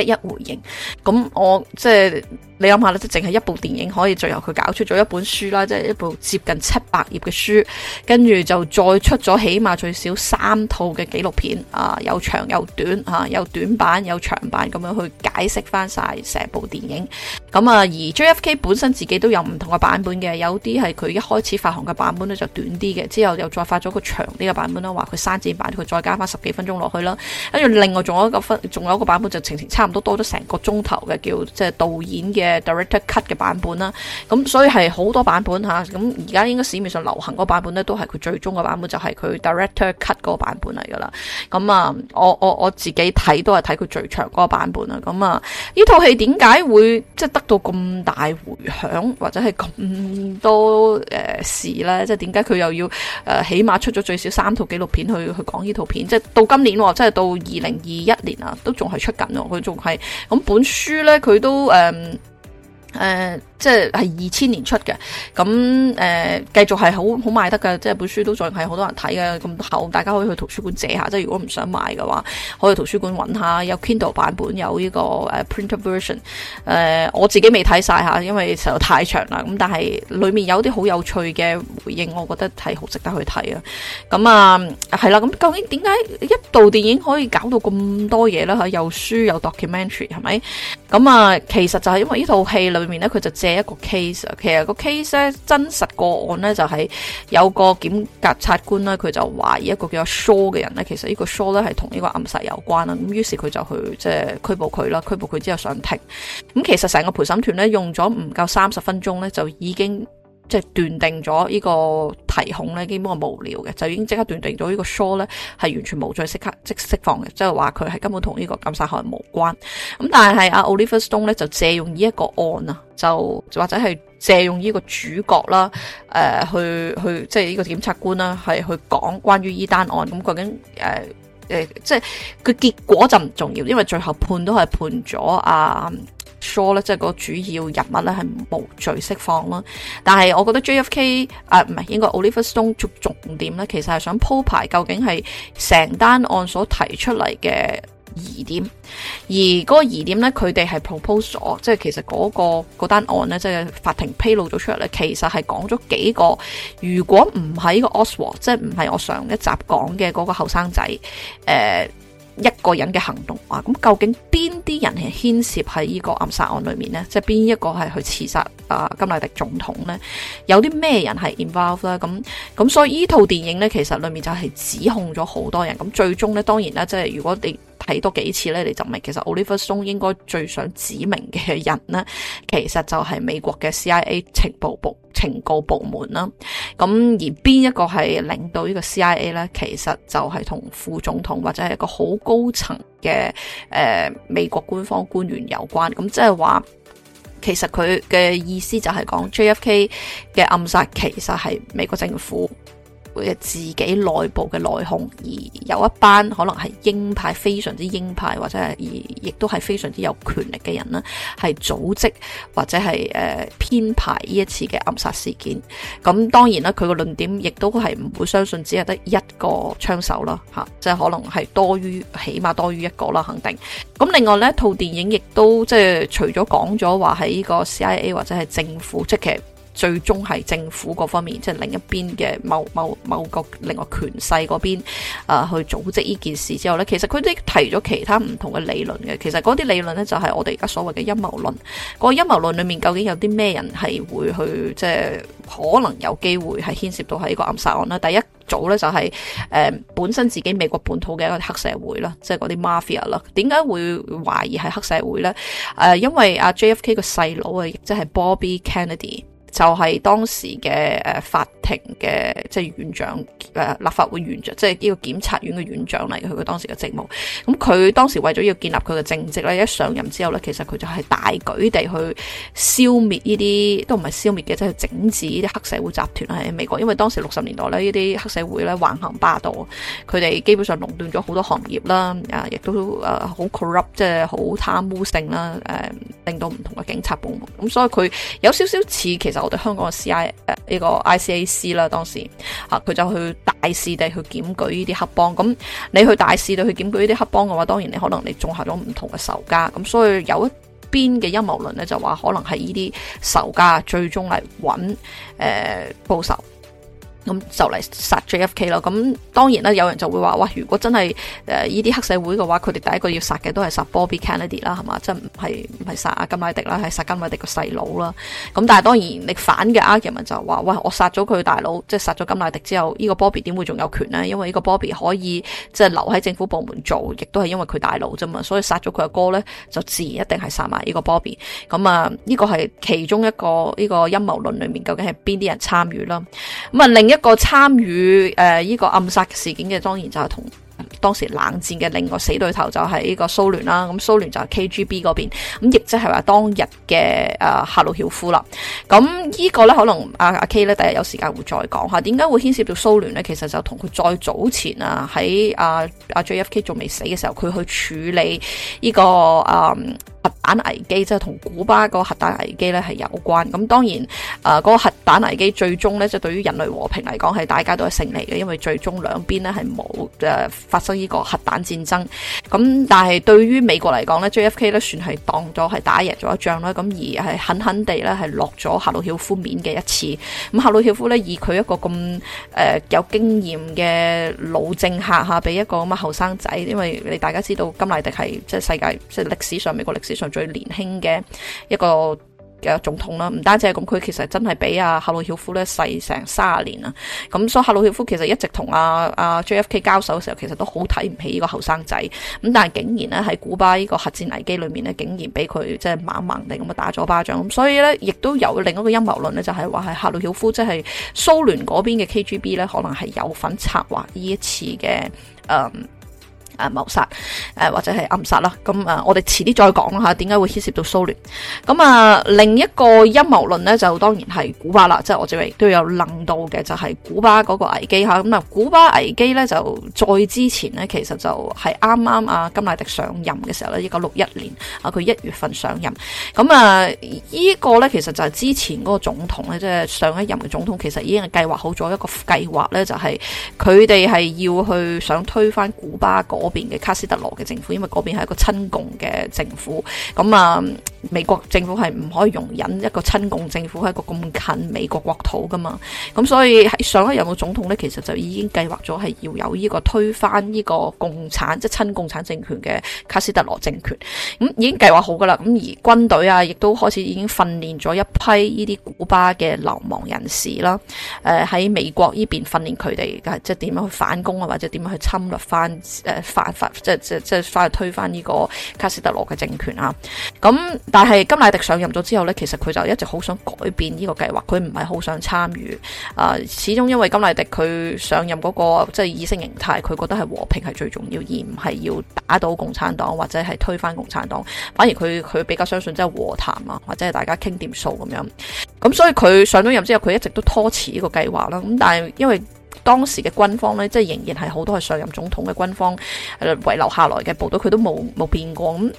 A: 一一回應，咁我即係你諗下啦，即係淨係一部電影可以最後佢搞出咗一本書啦，即係一部接近七百頁嘅書，跟住就再出咗起碼最少三套嘅紀錄片啊，有長有短啊，有短版有長版咁樣去解釋翻晒成部電影。咁啊，而 JFK 本身自己都有唔同嘅版本嘅，有啲係佢一開始發行嘅版本咧就短啲嘅，之後又再發咗個長啲嘅版本啦，話佢刪剪版佢再加翻十幾分鐘落去啦，跟住另外仲有一個分，仲有一個版本就情差唔多多咗成個鐘頭嘅叫即係導演嘅 director cut 嘅版本啦，咁所以係好多版本吓，咁而家應該市面上流行嗰版本咧都係佢最終嘅版本，就係佢 director cut 嗰個版本嚟噶啦。咁啊，我我我自己睇都係睇佢最長嗰個版本啊。咁啊，呢套戲點解會即係得到咁大回響，或者係咁多誒、呃、事咧？即係點解佢又要誒、呃、起碼出咗最少三套紀錄片去去講呢套片？即係到今年、啊，即係到二零二一年啊，都仲係出緊啊，佢仲。係咁，本書咧佢都誒誒。嗯嗯即係係二千年出嘅，咁誒繼續係好好賣得嘅，即係本書都仲係好多人睇嘅咁厚，大家可以去圖書館借下。即係如果唔想買嘅話可以去圖書館揾下，有 Kindle 版本，有呢個誒 printable version、呃。誒我自己未睇晒吓，因為實在太長啦。咁但係裏面有啲好有趣嘅回應我覺得係好值得去睇啊。咁啊係啦，咁究竟點解一部電影可以搞到咁多嘢咧？吓有書有 documentary 係咪？咁啊，其實就係因為呢套戲裏面咧，佢就借。一個 case 啊，其實個 case 咧真實個案咧就係、是、有個檢察官咧，佢就懷疑一個叫做 Shaw 嘅人咧，其實這個呢個 Shaw 咧係同呢個暗殺有關啦。咁於是佢就去即係、就是、拘捕佢啦，拘捕佢之後上庭。咁、嗯、其實成個陪審團咧用咗唔夠三十分鐘咧，就已經。即係斷定咗呢個提控咧，基本係無聊嘅，就已經即刻斷定咗呢個 Shaw 咧係完全冇罪即刻即釋放嘅，即係話佢係根本同呢個金沙河無關。
B: 咁但係
A: 阿 Oliver Stone 咧就借用呢一個案啊，就或者係借用呢個主角啦，誒、呃、去去即係呢個檢察官啦，係去講關於呢單案咁究竟誒誒、呃呃，即係佢結果就唔重要，因為最後判都係判咗阿。呃疏咧，即係個主要人物咧係無罪釋放啦。但係我覺得 JFK 啊，唔係應該 Oliver Stone 做重點咧，其實係想鋪排究竟係成單案所提出嚟嘅疑點，而嗰個疑點咧，佢哋係 propose 咗，即係其實嗰、那個嗰單案咧，即係法庭披露咗出嚟咧，其實係講咗幾個，如果唔係呢個 Oswald，即係唔係我上一集講嘅嗰個後生仔，誒、呃。一個人嘅行動啊，咁究竟邊啲人係牽涉喺呢個暗殺案裏面呢？即係邊一個係去刺殺啊甘迺迪總統呢？有啲咩人係 involved 咧？咁咁所以呢套電影呢，其實裏面就係指控咗好多人。咁最終呢，當然啦，即係如果你睇多幾次呢，你就明其實 Oliver Stone 應該最想指明嘅人呢，其實就係美國嘅 CIA 情報部。情報部門啦，咁而邊一個係領導呢個 CIA 呢？其實就係同副總統或者係一個好高層嘅誒、呃、美國官方官員有關。咁即係話，其實佢嘅意思就係講 JFK 嘅暗殺其實係美國政府嘅自己內部嘅內控，而有一班可能係鷹派，非常之鷹派，或者係而亦都係非常之有權力嘅人啦，係組織或者係誒、呃、編排呢一次嘅暗殺事件。咁當然啦，佢個論點亦都係唔會相信只係得一個槍手啦，嚇，即係可能係多於，起碼多於一個啦，肯定。咁另外呢套電影亦都即係除咗講咗話喺呢個 CIA 或者係政府即係。最終係政府嗰方面，即係另一邊嘅某某某個另外權勢嗰邊啊，去組織呢件事之後呢，其實佢哋提咗其他唔同嘅理論嘅。其實嗰啲理論呢，就係我哋而家所謂嘅陰謀論。嗰個陰謀論裡面究竟有啲咩人係會去即係可能有機會係牽涉到喺個暗殺案呢？第一組呢，就係誒本身自己美國本土嘅一個黑社會啦，即係嗰啲 Mafia 啦。點解會懷疑係黑社會呢？誒，因為阿 JFK 個細佬啊，即係 Bobby Kennedy。就係、是、當時嘅、呃、法庭嘅即係院長、呃、立法會院長即係呢個檢察院嘅院長嚟嘅，佢當時嘅職務，咁佢當時為咗要建立佢嘅政績咧，一上任之後咧，其實佢就係大舉地去消滅呢啲，都唔係消滅嘅，即係整治呢啲黑社會集團喺美國，因為當時六十年代咧，呢啲黑社會咧橫行霸道，佢哋基本上壟斷咗好多行業啦，啊、呃，亦都誒好、呃、corrupt，即係好貪污性啦，誒、呃、令到唔同嘅警察部門，咁、嗯、所以佢有少少似其實。我哋香港嘅 C.I. 誒呢個 I.C.A.C. 啦，當時嚇佢就去大肆地去檢舉呢啲黑幫，咁你去大肆地去檢舉呢啲黑幫嘅話，當然你可能你縱合咗唔同嘅仇家。咁所以有一邊嘅陰謀論咧，就話可能係呢啲仇家最終嚟揾誒報仇。咁就嚟殺 JFK 啦，咁當然啦，有人就會話：哇，如果真係誒呢啲黑社會嘅話，佢哋第一個要殺嘅都係殺 Bobby Kennedy 啦，係嘛？即係唔係唔係殺阿金乃迪啦，係殺金乃迪個細佬啦。咁但係當然，你反嘅 argument 就話：哇，我殺咗佢大佬，即係殺咗金乃迪之後，呢、這個 Bobby 點會仲有權呢？因為呢個 Bobby 可以即係、就是、留喺政府部門做，亦都係因為佢大佬啫嘛。所以殺咗佢阿哥呢，就自然一定係殺埋呢個 Bobby。咁啊，呢、這個係其中一個呢、這個陰謀論裡面究竟係邊啲人參與啦。咁啊，另一個參與誒呢、呃這個暗殺事件嘅，當然就係同當時冷戰嘅另一個死對頭就係呢個蘇聯啦。咁蘇聯就係 KGB 嗰邊，咁亦即係話當日嘅誒赫魯曉夫啦。咁呢個呢可能阿、啊、阿 K 呢第日有時間會再講下，點解會牽涉到蘇聯呢？其實就同佢再早前啊，喺阿阿 JFK 仲未死嘅時候，佢去處理呢、這個誒。嗯彈核彈危機即係同古巴個核彈危機咧係有關，咁當然誒嗰、呃、嗰個核彈危機最終咧即係對於人類和平嚟講係大家都係勝利嘅，因為最終兩邊咧係冇誒發生呢個核彈戰爭。咁但係對於美國嚟講咧，JFK 咧算係當咗係打贏咗一仗啦，咁而係狠狠地咧係落咗赫魯曉夫面嘅一次。咁赫魯曉夫咧以佢一個咁誒、呃、有經驗嘅老政客嚇，俾一個咁嘅後生仔，因為你大家知道甘迺迪係即係世界即係歷史上美國歷史上。最年輕嘅一個嘅總統啦，唔單止係咁，佢其實真係比阿赫魯曉夫咧細成三十年啊！咁所以赫魯曉夫其實一直同阿阿 J F K 交手嘅時候，其實都好睇唔起呢個後生仔咁，但係竟然咧喺古巴呢個核戰危機裏面咧，竟然俾佢即係猛猛地咁打咗巴掌咁，所以咧亦都有另一個陰謀論咧，就係話係赫魯曉夫即係、就是、蘇聯嗰邊嘅 K G B 咧，可能係有份策劃呢一次嘅誒。嗯誒謀殺誒或者係暗殺啦，咁啊我哋遲啲再講啦吓，點解會牽涉到蘇聯？咁啊另一個陰謀論呢就當然係古巴啦，即、就、係、是、我最近都有諗到嘅就係、是、古巴嗰個危機吓。咁啊古巴危機呢就再之前呢其實就係啱啱啊甘迺迪上任嘅時候咧，一九六一年啊佢一月份上任，咁啊呢、這個呢其實就係之前嗰個總統呢即係上一任嘅總統其實已經係計劃好咗一個計劃呢就係佢哋係要去想推翻古巴、那個。嗰邊嘅卡斯特羅嘅政府，因為嗰邊係一個親共嘅政府，咁啊。美國政府係唔可以容忍一個親共政府喺一個咁近美國國土噶嘛？咁所以喺上一任嘅總統呢，其實就已經計劃咗係要有呢個推翻呢個共產，即係親共產政權嘅卡斯特羅政權，咁、嗯、已經計劃好噶啦。咁而軍隊啊，亦都開始已經訓練咗一批呢啲古巴嘅流亡人士啦。誒、呃、喺美國呢邊訓練佢哋，即係點樣去反攻啊，或者點樣去侵略翻反、反、反，即係即係推翻呢個卡斯特羅嘅政權啊？咁但係甘迺迪上任咗之後呢，其實佢就一直好想改變呢個計劃，佢唔係好想參與。啊、呃，始終因為甘迺迪佢上任嗰、嗰個即係意識形態，佢覺得係和平係最重要，而唔係要打倒共產黨或者係推翻共產黨。反而佢佢比較相信即係和談啊，或者係大家傾掂數咁樣。咁所以佢上咗任之後，佢一直都拖遲呢個計劃啦。咁但係因為當時嘅軍方呢，即係仍然係好多係上任總統嘅軍方遺、呃、留下來嘅部隊，佢都冇冇變過咁。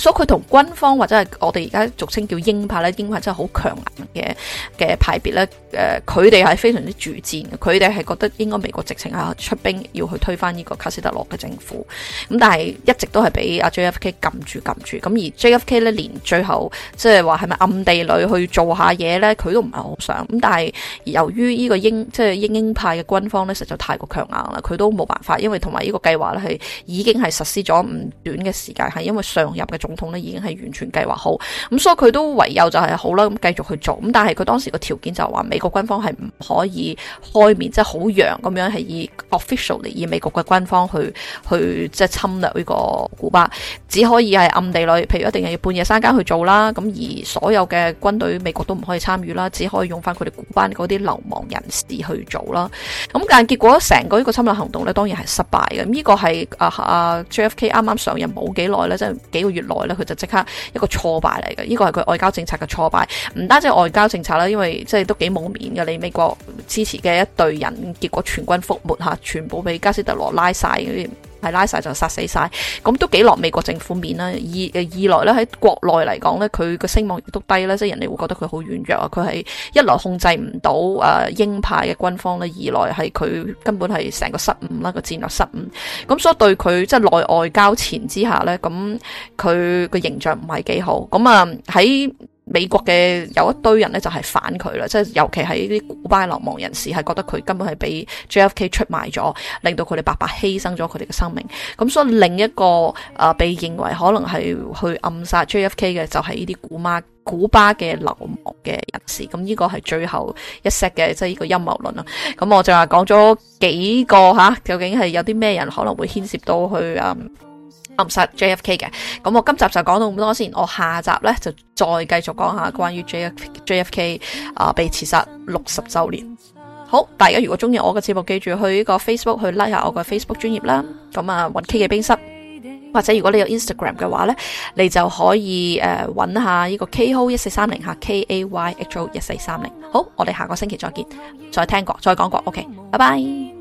A: 所以佢同軍方或者係我哋而家俗稱叫鷹派咧，鷹派真係好強硬嘅嘅派別咧。誒、呃，佢哋係非常之主戰，佢哋係覺得應該美國直情啊出兵要去推翻呢個卡斯特洛嘅政府，咁但係一直都係俾阿 JFK 撳住撳住，咁而 JFK 咧連最後即係話係咪暗地裏去做下嘢咧，佢都唔係好想，咁但係由於呢個英即係、就是、英英派嘅軍方咧，實在太過強硬啦，佢都冇辦法，因為同埋呢個計劃咧係已經係實施咗唔短嘅時間，係因為上任嘅總統咧已經係完全計劃好，咁所以佢都唯有就係好啦，咁繼續去做，咁但係佢當時個條件就話國、這個、軍方係唔可以開面，即係好揚咁樣，係以 official 嚟，以美國嘅軍方去去即係侵略呢個古巴，只可以係暗地裏，譬如一定係要半夜三更去做啦。咁而所有嘅軍隊，美國都唔可以參與啦，只可以用翻佢哋古巴嗰啲流亡人士去做啦。咁但係結果成個呢個侵略行動呢，當然係失敗嘅。呢、這個係啊啊 J F K 啱啱上任冇幾耐呢，即係幾個月內呢，佢就即刻一個挫敗嚟嘅。呢、這個係佢外交政策嘅挫敗，唔單止外交政策啦，因為即係都幾冇。面嘅你美國支持嘅一隊人，結果全軍覆沒吓，全部俾加斯特羅拉晒，係拉晒就殺死晒，咁都幾落美國政府面啦。二誒二來咧喺國內嚟講咧，佢個聲望亦都低啦，即係人哋會覺得佢好軟弱啊。佢係一來控制唔到誒鷹派嘅軍方咧，二來係佢根本係成個失誤啦，個戰略失誤，咁所以對佢即係內外交纏之下咧，咁佢個形象唔係幾好。咁啊喺。美國嘅有一堆人咧就係反佢啦，即係尤其係呢啲古巴流亡人士係覺得佢根本係俾 JFK 出賣咗，令到佢哋白白犧牲咗佢哋嘅生命。咁所以另一個啊被認為可能係去暗殺 JFK 嘅就係呢啲古巴古巴嘅流亡嘅人士。咁呢個係最後一 set 嘅，即係呢個陰謀論啦。咁我就話講咗幾個嚇，究竟係有啲咩人可能會牽涉到去啊暗殺 J.F.K. 嘅，咁我今集就講到咁多先，我下集呢，就再繼續講下關於 J.F.J.F.K. 啊、呃、被刺殺六十週年。好，大家如果中意我嘅節目，記住去呢個 Facebook 去 like 下我嘅 Facebook 專頁啦。咁啊，揾 K 嘅冰室，或者如果你有 Instagram 嘅話呢，你就可以誒揾下呢個 Kho 一四三零，下 K A Y H O 一四三零。好，我哋下個星期再見，再聽過，再講過。OK，
B: 拜拜。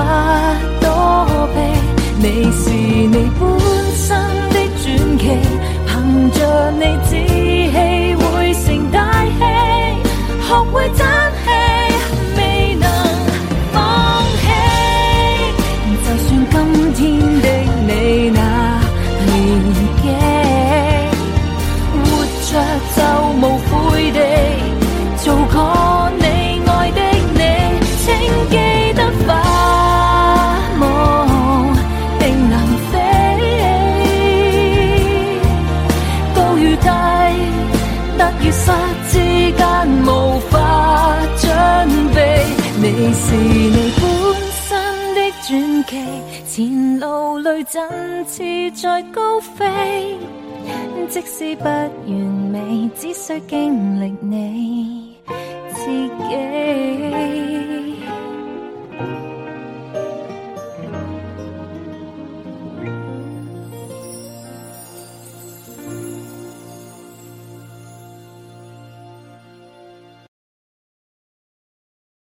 B: 不躲避，你是你本身的傳奇，憑着你志氣會成大器，學會是你本身的傳奇，前路裏振翅在高飛，即使不完美，只需經歷你自己。